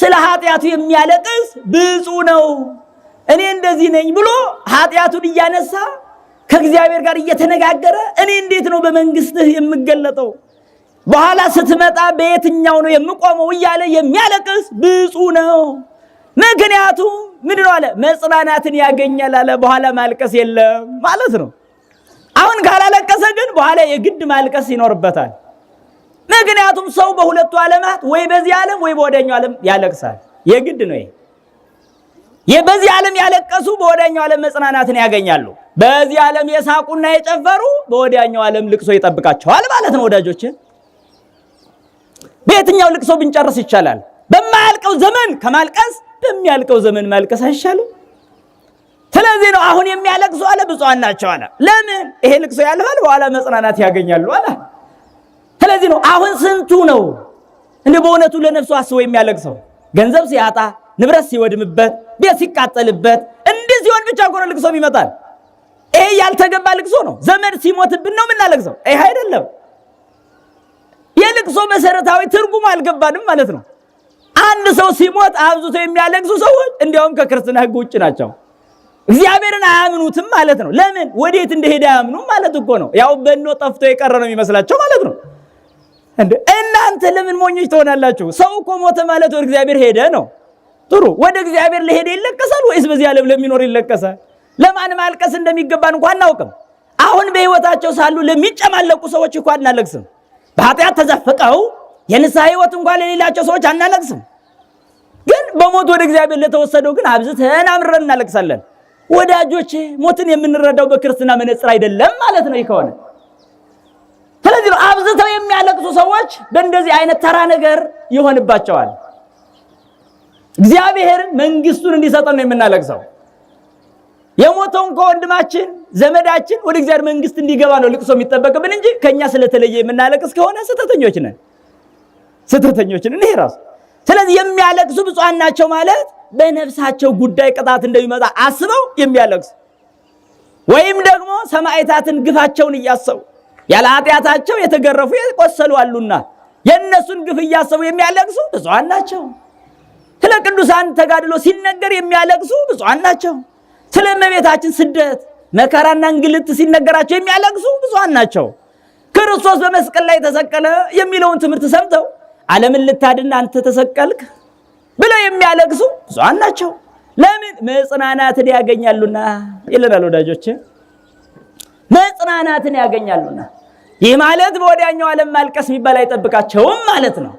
ስለ ኃጢአቱ የሚያለቅስ ብፁ ነው። እኔ እንደዚህ ነኝ ብሎ ኃጢአቱን እያነሳ ከእግዚአብሔር ጋር እየተነጋገረ እኔ እንዴት ነው በመንግስትህ የምገለጠው በኋላ ስትመጣ በየትኛው ነው የምቆመው እያለ የሚያለቅስ ብፁ ነው። ምክንያቱም ነው አለ መጽናናትን ያገኛል አለ። በኋላ ማልቀስ የለም ማለት ነው። አሁን ካላለቀሰ ግን በኋላ የግድ ማልቀስ ይኖርበታል። ምክንያቱም ሰው በሁለቱ ዓለማት ወይ በዚህ ዓለም ወይ በወደኛው ዓለም ያለቅሳል። የግድ ነው። በዚህ ዓለም ያለቀሱ በወዳኛው ዓለም መጽናናትን ያገኛሉ። በዚህ ዓለም የሳቁና የጨፈሩ በወዳኛው ዓለም ልቅሶ ይጠብቃቸዋል ማለት ነው። ወዳጆች፣ በየትኛው ልቅሶ ብንጨርስ ይቻላል? በማያልቀው ዘመን ከማልቀስ በሚያልቀው ዘመን ማልቀስ አይሻልም? ስለዚህ ነው አሁን የሚያለቅሱ አለ ብፁዓን ናቸው አለ። ለምን ይሄ ልቅሶ ያልፋል፣ በኋላ መጽናናት ያገኛሉ አላ። ስለዚህ ነው አሁን ስንቱ ነው እንደ በእውነቱ ለነፍሱ አስቦ የሚያለቅሰው ገንዘብ ሲያጣ፣ ንብረት ሲወድምበት፣ ቤት ሲቃጠልበት፣ እንዲህ ሲሆን ብቻ እኮ ነው ልቅሶም ይመጣል። ይሄ ያልተገባ ልቅሶ ነው። ዘመድ ሲሞትብን ነው የምናለቅሰው። ይሄ አይደለም። የልቅሶ መሰረታዊ ትርጉም አልገባንም ማለት ነው። አንድ ሰው ሲሞት አብዙቶ የሚያለቅሱ ሰዎች እንዲያውም ከክርስትና ህግ ውጭ ናቸው። እግዚአብሔርን አያምኑትም ማለት ነው። ለምን ወዴት እንደሄደ አያምኑም ማለት እኮ ነው። ያው በኖ ጠፍቶ የቀረ ነው የሚመስላቸው ማለት ነው። እናንተ ለምን ሞኞች ትሆናላችሁ? ሰው እኮ ሞተ ማለት ወደ እግዚአብሔር ሄደ ነው። ጥሩ ወደ እግዚአብሔር ለሄደ ይለቀሳል ወይስ በዚህ ዓለም ለሚኖር ይለቀሳል? ለማን ማልቀስ እንደሚገባ እንኳን አናውቅም። አሁን በህይወታቸው ሳሉ ለሚጨማለቁ ሰዎች እንኳን አናለቅስም። በኃጢአት ተዘፍቀው የንስሐ ህይወት እንኳን ለሌላቸው ሰዎች አናለቅስም። ግን በሞት ወደ እግዚአብሔር ለተወሰደው ግን አብዝተን አምረን እናለቅሳለን። ወዳጆች ሞትን የምንረዳው በክርስትና መነጽር አይደለም ማለት ነው። ይከሆነ። ለዚህ ነው አብዝተው የሚያለቅሱ ሰዎች በእንደዚህ አይነት ተራ ነገር ይሆንባቸዋል። እግዚአብሔር መንግስቱን እንዲሰጠን ነው የምናለቅሰው። የሞተውን ከወንድማችን ዘመዳችን ወደ እግዚአብሔር መንግስት እንዲገባ ነው ልቅሶ የሚጠበቅብን እንጂ ከኛ ስለተለየ የምናለቅስ ከሆነ ስህተተኞች ነን፣ ስህተተኞች ነን። ይሄ ራሱ ስለዚህ የሚያለቅሱ ብፁዓን ናቸው ማለት በነፍሳቸው ጉዳይ ቅጣት እንደሚመጣ አስበው የሚያለቅሱ ወይም ደግሞ ሰማዕታትን ግፋቸውን እያሰቡ ያለ ኃጢአታቸው የተገረፉ የቆሰሉ አሉና የእነሱን ግፍ እያሰቡ የሚያለቅሱ ብፁዓን ናቸው። ስለ ቅዱሳን ተጋድሎ ሲነገር የሚያለቅሱ ብፁዓን ናቸው። ስለ እመቤታችን ስደት መከራና እንግልት ሲነገራቸው የሚያለቅሱ ብፁዓን ናቸው። ክርስቶስ በመስቀል ላይ ተሰቀለ የሚለውን ትምህርት ሰምተው ዓለምን ልታድና አንተ ተሰቀልክ ብለው የሚያለቅሱ ብፁዓን ናቸው። ለምን መጽናናትን ያገኛሉና ይለናል። ወዳጆች መጽናናትን ያገኛሉና ይህ ማለት በወዲያኛው ዓለም ማልቀስ የሚባል አይጠብቃቸውም ማለት ነው።